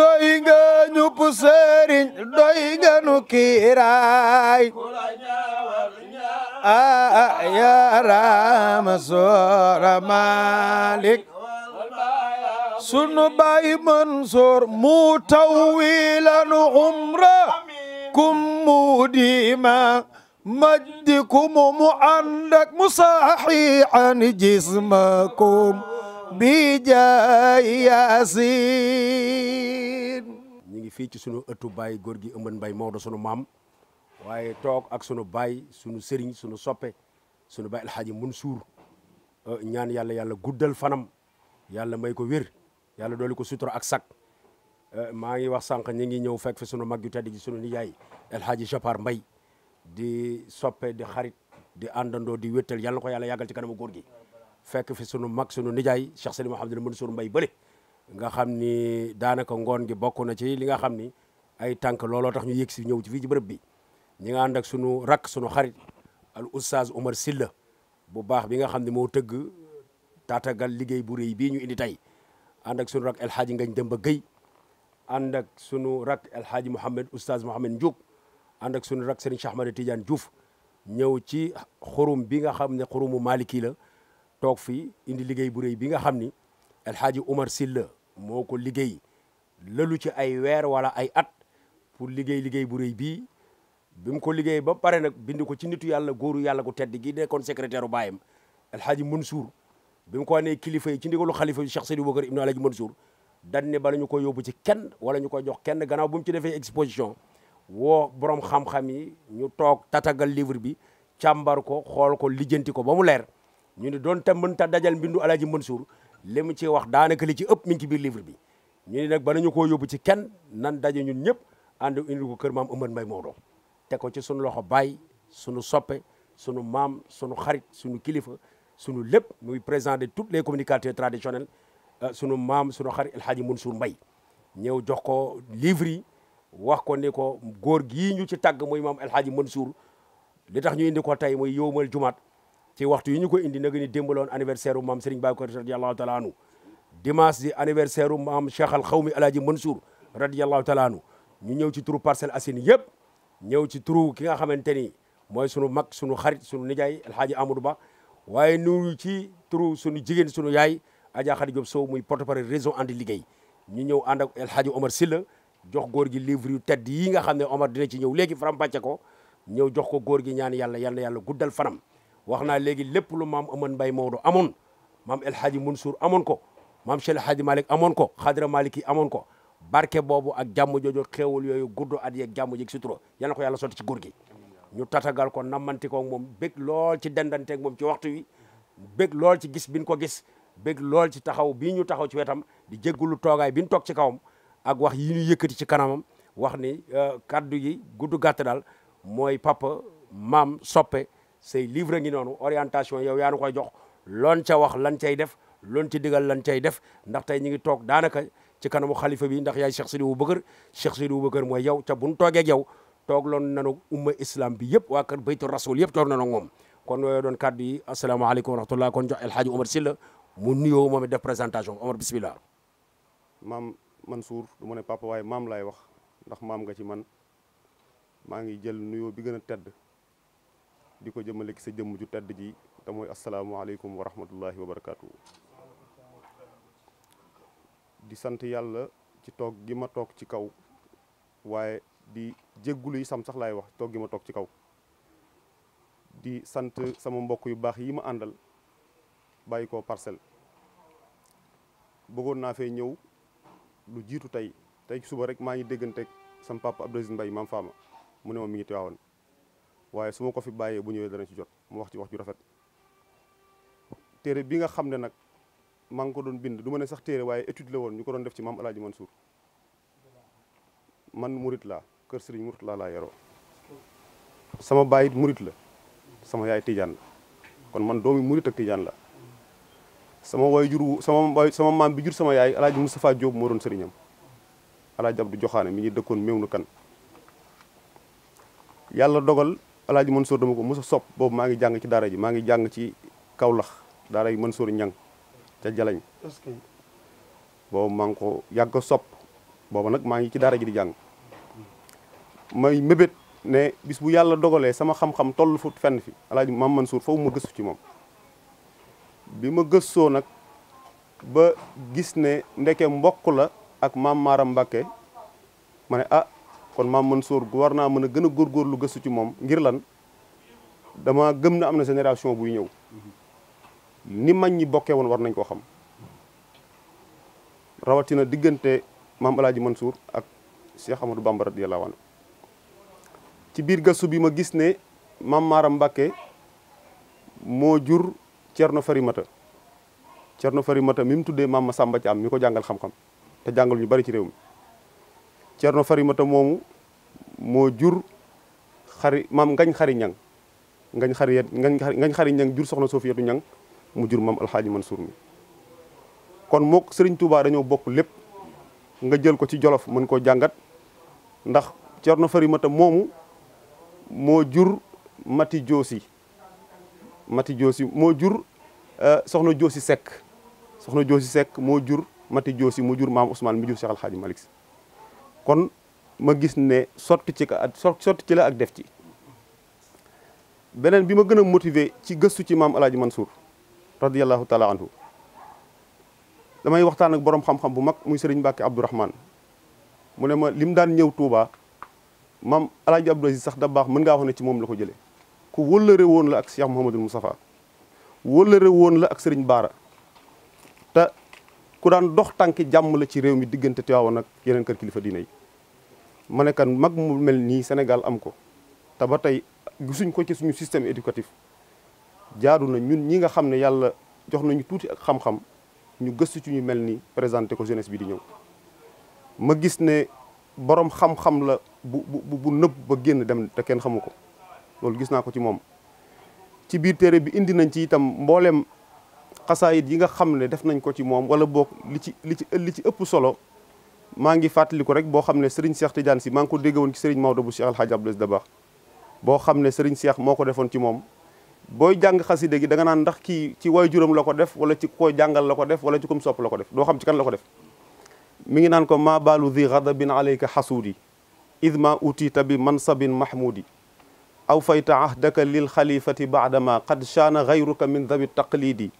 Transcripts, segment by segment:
doy ñu sëriñ doy nga nu kiiraay aa yaa raama soora maalik sunu baay Mansoor mu tawwilanu umra kum mu diima majdikum mu ànd mu saaxiixan jismakum bijaahi Yaasin ñu ngi fii ci sunu ëttu baay góor gi ëmban mbay Maodo sunu maam waaye toog ak sunu baay sunu sëriñ sunu soppe sunu baay mun Mansour euh, ñaan yàlla yàlla guddal fanam yàlla may ko wér yàlla dooli ko sutura ak sak euh, maa ngi wax sànq ñu ngi ñëw fekk fi sunu mag yu tedd gi sunu nijaay alxaaji Japar Mbay di soppe di xarit di àndandoo di wéttal yàlla ko yàlla yàggal ci kanamu góor gi fekk fi sunu mag sunu nijaay Cheikh Salim Mouhamadul Mansour Mbaye bële nga xam ni daanaka ngoon gi bokk na ci li nga xam ni ay tànk looloo tax ñu yëg si ñëw ci fii ci bërëb bi ñi nga ànd ak sunu rakk sunu xarit al oustaz Omar Silla bu baax bi nga xam ne moo tëgg taatagal liggéey bu réy bii ñu indi tey ànd ak sunu rak El Hadj Ngañ Demba Guèye ànd ak sunu rak El Hadj Mouhamed oustaz Mouhamed Ndiouk ànd ak sunu rak Serigne Cheikh Ahmed Tidiane Diouf ñëw ci xurum bi nga xam ne xurumu Maliki la toog fii indi liggéey bu rëy bi nga xam ni El Hadji Omar moo ko liggéey lalu ci ay weer wala ay at pour liggéey liggéey bu rëy bii bi mu ko liggéey ba pare nag bindi ko ci nitu yàlla góoru yàlla gu tedd gi nekkoon secrétaire u baayam El Hadji Mansour bi ko wanee kilifa yi ci ndigalu xalifa bi Cheikh Seydi Boubacar Ibn El Hadji Mansour dan ne bala ñu ko yóbbu ci kenn wala ñu ko jox kenn gannaaw bu mu ci defee exposition woo borom xam yi ñu toog tatagal livre bi càmbar ko xool ko lijjanti ko ba mu leer ñu ne doon tam mën ta dajal mbindu alaaji Mansour li mu ci wax daanaka li ci ëpp mi ci biir livre bi ñu ne nag ba nañu koo yóbbu ci kenn nan daje ñun ñëpp ànd indi ko kër maam Oumar Mbaye Maodo te ko ci sunu loxo baay sunu soppe sunu maam sunu xarit sunu kilifa sunu lépp muy président de tous les communicateurs traditionnels euh, sunu maam sunu xarit El Hadji Mansour Mbaye ñëw jox ko livre yi wax ko ni ko góor gii ñu ci tàgg muy maam El Hadji Mansour li tax ñu indi ko tey muy yowmal jumaat ci waxtu yi ñu ko indi nag ni démb la woon anniversaire u maam Serigne Babacar radiyallahu taala anhu dimanche di anniversaire u maam Cheikh al Xawmi Alaaji Mansour radiyallahu ñu ñëw ci turu Parcelles Assainies yëpp ñëw ci turu ki nga xamante ni mooy sunu mag sunu xarit sunu nijaay alhaaji Amadou Ba waaye nu ci turu sunu jigéen sunu yaay Adja Khady Diop Sow muy porte-parole réseau andi liggéey ñu ñëw ànd ak alhaaji Omar Silla jox góor gi livre yu tedd yi nga xam ne Omar dina ci ñëw léegi faram-fàcce ko ñëw jox ko góor gi ñaan yàlla yal na yàlla guddal fanam wax naa léegi lépp lu maam amoon Mbaye Maodo amoon maam El Hadji Mansour amoon ko maam Cheikh El Hadji amoon ko xadra Malick yi amoon ko barke boobu ak jàmm jooju xéewal yooyu guddo at yeeg jàmm yeeg sutura yal na ko yàlla sotti ci góor gi ñu tatagal ko nammanti ko moom bég lool ci dendanteeg moom ci waxtu wi bég lool ci gis bin ko gis bég lool ci taxaw bii ñu taxaw ci wetam di jéggulu toogaay bi ñu toog ci kawam ak wax yi ñu yëkkati ci kanamam wax ni euh, kaddu yi gudd gàtt daal mooy papa maam soppe say livre ngi noonu orientation yow yaa koy jox loon ca wax lan cay def loon ci digal lan cay def ndax tey ñu ngi toog daanaka ci kanamu xalifa bi ndax yaay Cheikh Sidi Bou Bakar Cheikh Sidi Bou mooy yow ca bu nu toogee yow toog loon nanu umma islam bi yëpp waa kër baytu rasul yëpp toog nanu moom kon yooyu doon kàddu yi asalaamaaleykum wa rahmatullah kon jox El Hadj Omar Sylla mu nuyoo moom it def présentation Omar bismillah maam Mansour du ma papa waaye maam laay wax ndax maam nga ci man maa ngi jël nuyoo bi gën a tedd di ko jëmale ci sa jëmm ju tedd ji te mooy asalaamualeykum wa rahmatullahi wa barakaatu. di sant yàlla ci toog gi ma toog ci kaw waaye di jéggulu yi sam sax laay wax toog gi ma toog ci kaw di sant sama mbokk yu baax yi ma àndal bàyyi ko parcel bëggoon naa fee ñëw lu jiitu tey tey suba rek maa ngi déggante sama papa Abdou Aziz mbay maam faama mu ne ma mi ngi Tiwaawan waaye su ma ko fi bàyyee bu ñëwee dana ci jot mu wax ci wax ju rafet téere bi nga xam ne nag maa ngi ko doon bind du ma ne sax téere waaye étude la woon ñu ko doon def ci maam Alaaji man murit laa kër Serigne murit laa laa yaroo sama baay murit la sama yaay tijaan la kon man doomi murit ak tijaan la sama way jur sama way sama maam bi jur sama yaay Alaaji Moustapha Diop moo doon sëriñam Alaaji Abdu Joxaane mi ngi dëkkoon meew na kan yàlla dogal Alaaji Mansour dama ko mos a sopp boobu maa ngi jàng ci daara ji maa ngi jàng ci Kawlax daara ji Mansour Ñang ca Jalañ boobu maa ngi ko yàgg a sopp boobu nag maa ngi ci daara ji di jàng may mébét ne bis bu yàlla dogalee sama xam-xam toll fu fenn fi mam Maam Mansour foofu ma gësu ci moom bi ma gëstoo nag ba gis ne ndeke mbokk la ak maam Maaram Mbàkke ma ne ah kon maam Mansour war naa mën a gën a góorgóorlu gëstu ci moom ngir lan dama gëm na am na génération buy ñëw ni mag ñi bokkee woon war nañ koo xam rawatina diggante maam El Hadj Mansour ak Cheikh Amadou Bamba radiyallahu anhu ci biir gëstu bi ma gis ne maam Maaram Mbacke moo jur Thierno Farimata Thierno Farimata mi mu tuddee maam Masamba Thiam mi ko jàngal xam-xam te jàngal ñu bari ci réew mi. Ceerno Farimata moomu moo jur xari maam ngañ xari ñang ngañ xari ngañ xari ñang jur soxna Sofiyatu ñang mu jur maam alxaaji Mansuur mi kon mook Sëriñ dañoo bokk lépp nga jël ko ci Jolof mën koo jàngat ndax Ceerno Farimata moomu moo jur Mati Joosi Mati Joosi moo jur euh, soxna Joosi Sekk soxna Joosi Sekk moo jur Mati Joosi mu jur maam Ousmane mi jur Cheikh Alxaaji Malik Si kon ma gis ne sotti ci ka sotti ci la ak def ci beneen bi ma gën a motiver ci gëstu ci maam El Hadj Mansour radiyallahu taala anhu damay waxtaan ak borom xam-xam bu mag muy Serigne Mbacke Abdourahman mu ne ma lim daan ñëw Touba maam El Hadj Abdou Aziz sax da baax mën nga wax ne ci moom la ko jëlee ku wëllëre woon la ak Cheikh Mouhamadul Moustapha wëllëre woon la ak sëriñ Baara. ku daan dox tànki jàmm la ci réew mi diggante Tiwaawan ak yeneen kër kilifa diine yi ma ne mag mu mel nii Sénégal am ko te ba tey gisuñ ko ci suñu système éducatif jaaru na ñun ñi nga xam ne yàlla jox nañu tuuti ak xam-xam ñu gëstu ci ñu mel nii présenté ko jeunesse bi di ñëw ma gis ne borom xam-xam la bu bu bu nëbb ba génn dem te kenn xamu ko loolu gis naa ko ci moom ci biir téere bi indi nañ ci itam mbooleem xasaayit yi nga xam ne def nañ ko ci moom wala boog li ci li ci li ci ëpp solo maa ngi fàttaliku rek boo xam ne Serigne Cheikh Tidiane si maa ngi ko dégg woon ci Serigne Maodo bu Cheikh El Hadj Abdoulaye Dabakh boo xam ne Serigne Cheikh moo ko defoon ci moom booy jàng xaside gi da nga naan ndax kii ci way juróom la ko def wala ci koy jàngal la ko def wala ci kum sopp la ko def doo xam ci kan la ko def mi ngi naan ko ma baalu di ghadabin alayka xasuudi id ma utiita bi mansabin mahmuudi aw fayta ahdaka lil xalifati baadama qad shaana gayruka min dhawi taqlidi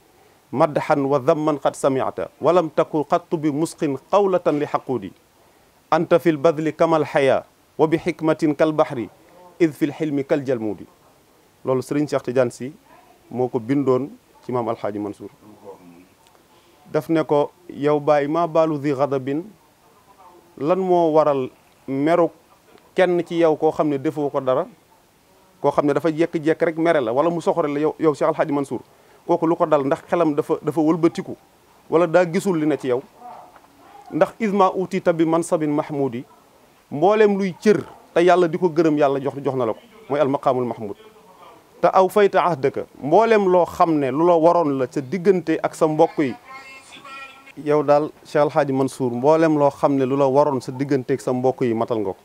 madhan wa dhamman qad sami'ta walam taku qattu bi musqin qawlatan li xaquudi anta fi lbadli kamal xaya wa bi xikmatin kal bahri id fi lxilmi kal jalmuudi loolu sëriñ Cheikh Tidiane si moo ko bindoon ci maam alxaaji Mansour daf ne ko yow bàyyi maa baalu di gadabin lan moo waral meruk kenn ci yow koo xam ne defoo ko dara koo xam ne dafa jekk-jekk rek mere la wala mu soxore la yow yow Cheikh alxaaji kooku lu ko dal ndax xelam dafa dafa wëlbatiku wala daa gisul li ne ci yow ndax isma uti tabi mansabin mahmoud yi mboolem luy cër te yàlla di ko gërëm yàlla jox jox na la ko mooy almaqaamul mahmoud te aw fayta ahdaka mbooleem loo xam ne lu la waroon la sa diggante ak sa mbokk yi yow daal Cheikh El Hadj Mansour mbooleem loo xam ne lu la waroon sa diggante ak sa mbokk yi matal nga ko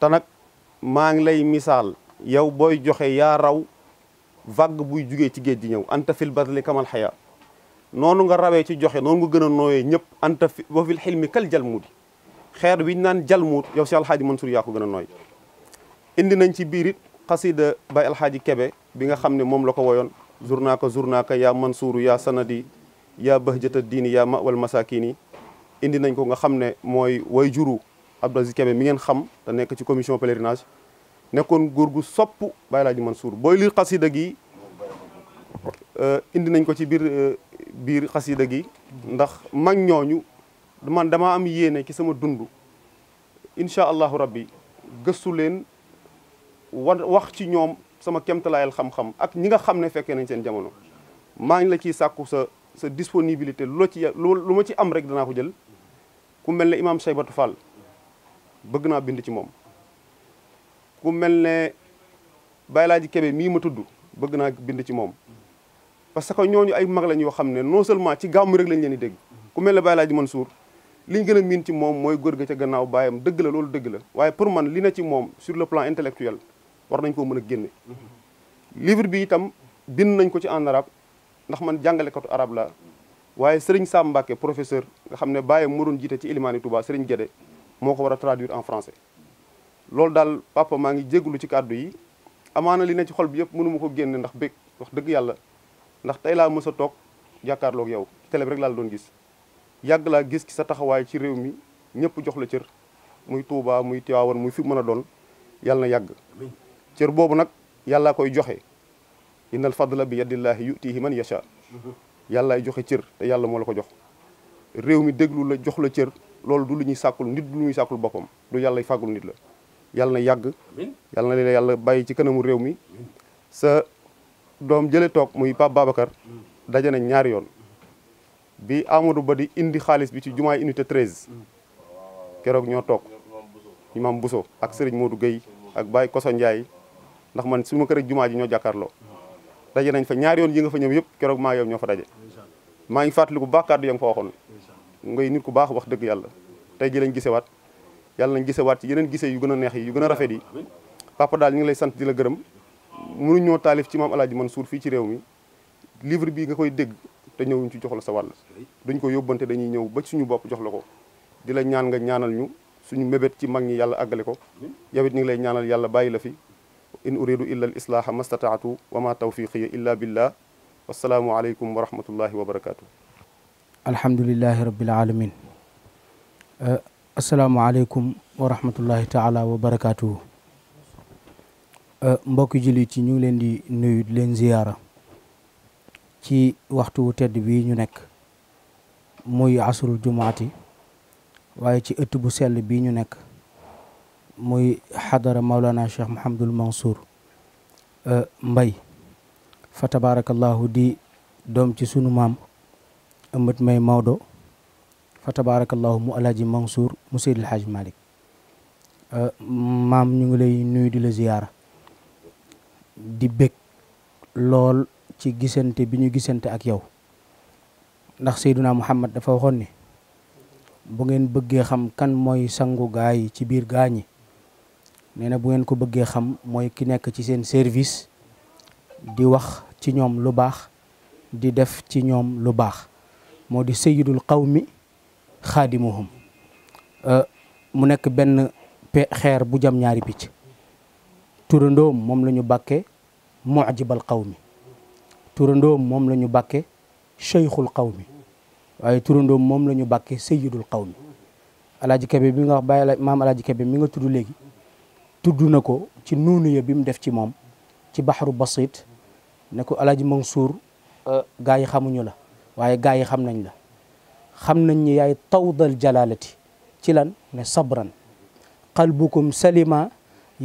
te nag maa ngi lay misaal yow booy joxe yaa raw vague buy jugee ci géej di ñëw anta fil barli kamal xaya noonu nga rawee ci joxe noonu nga gën a nooyee ñëpp anta fi wa fil xilmi kal jalmuudi xeer wiñ naan jalmuut yow si alxaaji Mansour yaa ko gën a nooy indi nañ ci biir it xasida bay alxaaji Kebe bi nga xam ne moom la ko woyoon journaaka journaaka yaa Mansuuru yaa sanadi yaa bahjata diini yaa mawal masakini indi nañ ko nga xam ne mooy way juru Abdou Aziz Kebe mi ngeen xam te nekk ci commission pèlerinage nekkoon góor gu sopp Baye man suur booy liir xasida gi eh, indi nañ ko ci biir eh, biir xasida gi ndax mag ñooñu man dama am yéene ci sama dund incha allahu rabbi gëstu leen wa wax ci ñoom sama kemtalaayal xam-xam ak ñi nga xam ne fekkee nañ seen jamono maa ngi la ciy sàkku sa sa disponibilité lu lu ma ci am rek danaa ko jël ku mel ne imam Saybatu Fall bëgg naa bind ci moom ku mel ne Baye Laaji Kebe mii ma tudd bëgg naa bind ci moom parce que ñooñu ay mag lañ yoo xam ne non seulement ci gàmmu rek lañ leen di dégg ku mel ne Baye Laaji Mansour liñ gën a miin ci moom mooy góor ga ca gannaaw baayam dëgg la loolu dëgg la waaye pour man li na ci moom sur le plan intellectuel war nañ koo mën a génne livre bi itam bind nañ ko ci en arabe ndax man jàngalekatu arabe la waaye Serigne Sam Mbacké professeur nga xam ne baayam moo doon jiite ci Ilimani Touba Serigne Guédé moo ko war a en français loolu daal papa maa ngi jégalu ci kàddu yi amaana li ne ci xol bi yëpp mënuma ko génne ndax bég wax dëgg yàlla ndax tey laa mës a toog jàkkaarloog yow ci bi rek laa doon gis yàgg laa gis ci sa taxawaay ci réew mi ñëpp jox la cër muy Touba muy Tiwaawan muy fi mën a doon yàlla yàgg cër boobu nag yàllaa koy joxe innal fadla bi yadillaahi yutihi man yasha mhm. yàllaay joxe cër te yàlla moo la ko jox réew mi déglu la jox la cër loolu du lu ñuy sàkkul nit du sàkkul boppam du yàlla fàggul nit la yàlla na yàgg yàlla na leen yàlla bàyyi ci kanamu réew mi sa doom jële toog muy Pape babakar daje nañ ñaari yoon bi Amadou Ba di indi xaalis bi ci jumaa unité 13 keroog ñoo toog imam Bousso ak Serigne Modou Gueye ak Baye Koso Ndiaye ndax man su ma kër ak jumaa ji ñoo jàkkaarloo daje nañ fa ñaari yoon yi nga fa ñëw yëpp keroog maa yow ñoo fa daje maa ngi fàttaliku baax kàddu ya nga fa waxoon ngay nit ku baax wax dëgg yàlla tey ji lañ yàlla nañ gisewaat yeneen gise yu gën a neex yi yu gën a rafet yi papa daal ñu ngi lay sant di la gërëm mënuñoo taalif ci maam man Mansour fii ci réew mi livre bi nga koy dégg te ñëwuñ ci jox la sa wàll dañ ko yóbbante dañuy ñëw ba suñu bopp jox la ko di la ñaan nga ñaanal ñu suñu mébét ci mag ñi yàlla àggale ko yow it ñu ngi lay ñaanal yàlla bàyyi la fi in uridu illa al islaaha mastataatu wa ma tawfiqiya illa billah wassalaamu aleykum wa rahmatullahi wa barakatuh alhamdulilahi rabbil alamin euh, asalaamaaleykum wa rahmatullahi taala wa barakaatu. Euh, mbokki jullit yi ñu ngi leen di nuyu di leen ziyaara ci waxtu wu tedd bii ñu nekk muy asrul jumaati waaye ci ëtt bu sell bii ñu nekk muy xadara maulana cheikh Mouhamadul Mansour euh, Mbaye fa tabaarakallahu di doom ci sunu maam ëmbët may Maodo. fa tabarakallahu mu alaaji Mansour mu Seydil Hadj Malick euh, maam ñu ngi lay nuyu di la ziyaara di bég lool ci gisante bi ñu gisante ak yow ndax Seyduna Muhammad dafa waxoon ni bu ngeen bëggee xam kan mooy sangu gaa yi ci biir gaa ñi nee na bu ngeen ko bëggee xam mooy ki nekk ci seen service di wax ci ñoom lu baax di def ci ñoom lu baax moo di sayyidul qawmi xaadimuhum euh, mu nekk benn xeer bu jam ñaari picc turandoom moom la ñu bàkke mujibal qawmi turandoom moom la ñu bàkke cheyxul qawmi waaye turandoom moom la ñu bàkke sayidul qawmi alaaji kebe bi nga wax bàyyi maam alaaji kebe mi nga tudd léegi tudd na ko ci nuunu ya bi mu def ci moom ci baxaru basit ne ko alaaji Mansour euh, gaa yi xamuñu la waaye gaa yi xam nañ la xam nañ ni yaay tawdal jalalati ci lan ne sabran qalbukum salima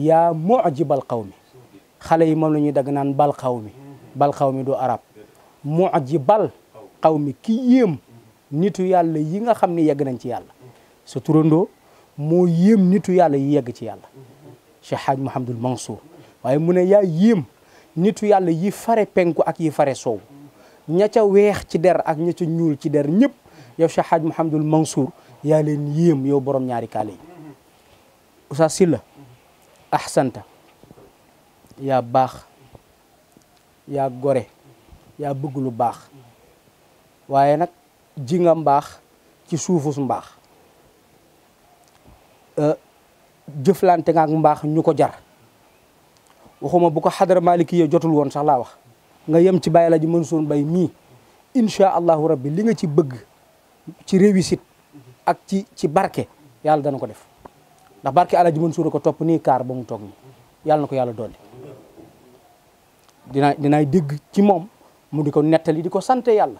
yaa mujibal qawmi xale yi moom la ñuy naan bal qawmi bal qawmi du arab mujibal qawmi ki yéem nitu yàlla yi nga xam ni yegg nañ ci yàlla sa turandoo moo yéem nitu yàlla yi yegg ci yàlla Cheikh Hadj Mouhamadul Mansour waaye mu ne yaa yéem nitu yàlla yi fare penku ak yi fare sow ña ca weex ci der ak ña ñuul ci der ñëpp yow Cheikh Hadj Mouhamadul Mansour yaa leen yéem yow borom ñaari kaale yi Oustaz Sylla ahsanta yaa baax yaa gore yaa bëgg lu baax waaye nag ji nga mbaax ci suufus mbaax euh, jëflante nga mbaax ñu ko jar waxuma bu ko xadara maliki yi jotul woon sax laa wax nga yem ci bàyyi la ji Mansour Mbaye mii incha allahu rabbi li nga ci bëgg ci réussite ak ci ci barke yàlla dana ko def ndax barke Alaaji Mansuur ko topp nii kaar ba mu toog nii yàlla na ko yàlla dolli dinaa dinaay dégg ci moom mu di ko nettali di ko sante yàlla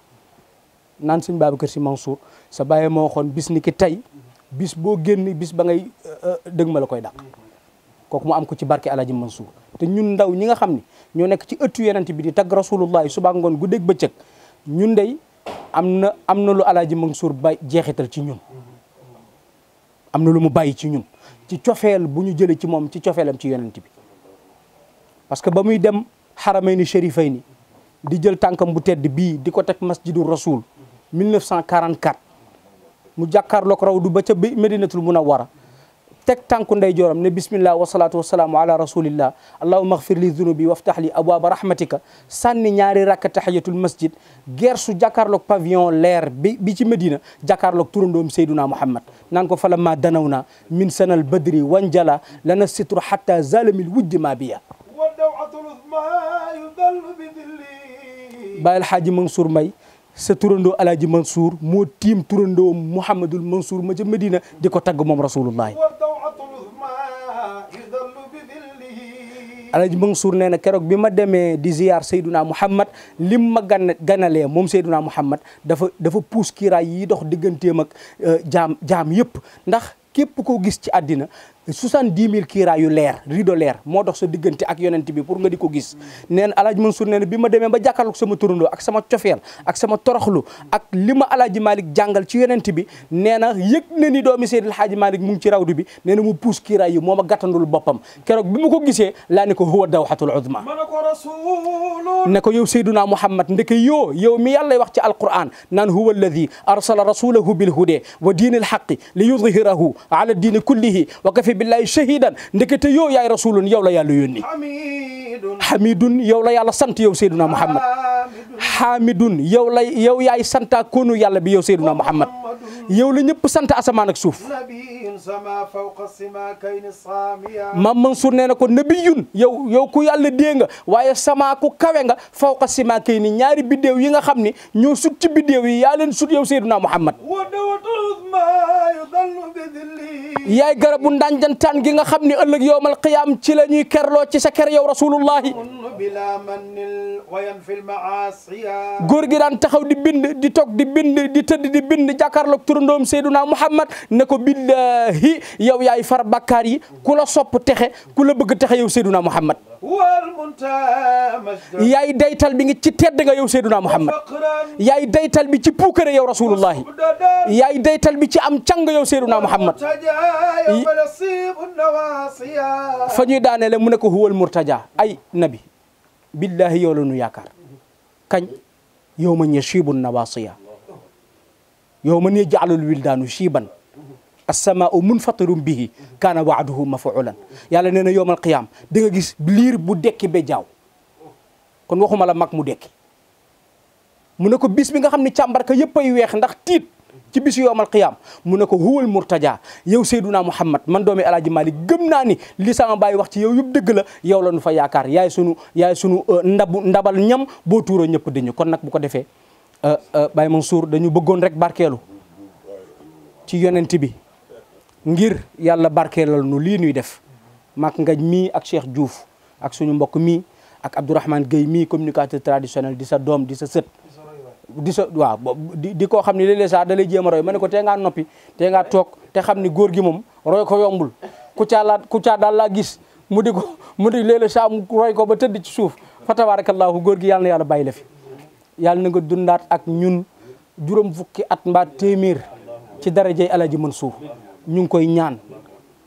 naan sëñ Babacar Si Mansour sa bàyyi moo waxoon bis ni ki tey bis boo génn bis ba ngay euh, euh, dëgg ma la koy dàq kooku mu am ko ci barke Alaaji Mansuur te ñun ndaw ñi nga xam ne ñoo nekk ci ëttu yenent bi di tagg rasulullahi subaa ngoon gu guddeeg bëccëg ñun day am na am na lu alaaji Mansour bay jeexital ci ñun am na lu mu bàyyi ci ñun ci cofeel bu ñu jëlee ci moom ci cofeelam ci yonent bi parce que ba muy dem ni xaramayni ni di jël tànkam bu tedd bii di ko teg masjidu rasul 1944 mu jàkkaarloog raw du ba ca bi Medinatul war teg tànku nday jooram ne bismillah wasalaatu wasalaamu ala rasulillah allahuma axfir li abwaaba rahmatika sànni ñaari rakka tahiyatul masjid gersu jàkkaarloog pavillon leer bi bi ci Medina jàkkaarloog turandoom sayduna muhammad naan ko falamma danaw na min sanal badri wanjala lana sitru hatta zalamil wujdi ma biya Baay Alxaaji Mansour Mbaye sa turandoo Alaaji Mansour moo tiim turandoom Mouhamadul Mansour ma ca Medina di ko tagg moom rasulullahi Alhaji Mansour nee na keroog bi ma demee di ziyaar Seydouna Mouhamad lim ma gan ganalee moom Seydouna Mouhamad dafa dafa puus kiiraay yi dox digganteem ak euh, jaam jaam yëpp ndax képp koo gis ci àddina soixante-dix mille kiiraa yu leer rideau leer moo dox sa ak yonent bi pour nga di ko gis nee na Alaaji Mansour nee na bi ma demee ba jàkkaarloog sama turandoo ak sama cofeel ak sama toroxlu ak li ma Alaaji Malick jàngal ci yonent bi nee na yëg doomi Seydil Alaaji Malick mu ngi ci rawdu bi nee na mu puus kiiraa yi moo ma gàttandul boppam keroog bi ma ko gisee laa ne ko huwa dawxatul uzma ne ko yow Seyduna Muhammad ndeke yoo yow mi yàlla wax ci alquran naan huwa alladi arsala rasulahu bilhude wa diinil xaqi li yudhirahu d diini kullihi wa kafi billahi shahidan ndekete yoo yaay rasulun yow la yàlla yónni hamidun yow la yàlla sant yow sayduna muhammad hamidun yow la yow yaay santa koonu yàlla bi yow sayduna muhammad yow la ñëpp sant asamaan ak suuf maam Mansour nee na ko nabiyun yow yow ku yàlla dee nga waaye sama ku kawe nga fawqa sima kay ni ñaari biddéew yi nga xam ni ñoo sut ci yi yaa leen sut yow sayduna muhammad yaay garabu ndànjantaan gi nga xam ni ëllëg yowmal qiyaam ci la ñuy kerloo ci sa ker yow rasulullahi góor gi daan taxaw di bind di toog di bind di tëdd di bind jàkkaarloog turandoom Seyduna Muhammad ne ko billahi yow yaay far bakkaar yi ku la sopp texe ku la bëgg texe yow Seyduna Muhammad yaay daytal bi ngi ci tedd nga yow Seyduna Muhammad yaay daytal bi ci puukare yow rasulullahi yaay daytal bi ci am càng yow Seyduna Muhammad fa ñuy daaneele mu ne ko huwal murtaja ay nabi billahi yow la nu yaakaar kañ yow ma ñe chiibun nawasiya yow ma ne jaalul wildaanu chiiban assamaau munfatirun bihi kaana waaduhu mafuulan yàlla nee na yowmal qiyaam da nga gis liir bu dekki ba jaaw kon waxuma la mag mu dekki mu ne ko bis bi nga xam ne càmbarka yëpp ay weex ndax tiit ci bisu yowmal qiyaam mu ne ko huwal murtaja yow Seyduna Muhammad man doomi Alaaji Maalik gëm naa ni li sama baay wax ci yow yëpp dëgg la yow la nu fa yaakaar yaay sunu yaay sunu euh, ndabu ndabal ñam boo tuuroo ñëpp dañu kon nag bu ko defee euh, euh, Baye Mansour dañu bëggoon rek barkeelu ci yonent bi ngir yàlla barke lal nu lii nuy def Mak Ngagne mii ak Cheikh Diouf ak suñu mbokk mii ak Abdourahmane Gueye mii communicateur traditionnel di sa doom di sa sët di sa waaw di di koo xam ne léeg-léeg sax da lay roy ma ne ko tee ngaa noppi tee ngaa toog te xam ni góor gi moom roy ko yombul ku caalaat ku caa daal la gis mu di ko mu di léeg-léeg roy ko ba tëdd ci suuf fa tabaarakallaahu góor gi yàlla na yàlla bay la fi yàlla na nga dundaat ak ñun juróom fukki at mbaa téeméer ci darajey Alaaji ñu ngi koy ñaan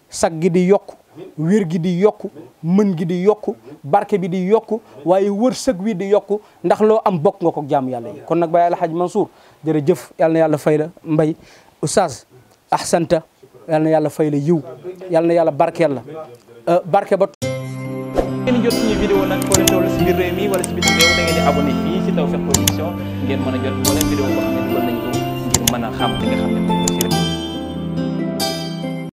sag gi di yokk wér gi di yokk mën gi di yokk barke bi di yokk waaye wërsëg wi di yokk ndax loo am bokk nga ko jaam yàlla yi kon nag Baye El Hadj Mansour jërëjëf yàlla na yàlla fay la mbay oustaz ahsanta yàlla yàlla fay la yiw yàlla na yàlla barkeel la euh, barke ba ngeen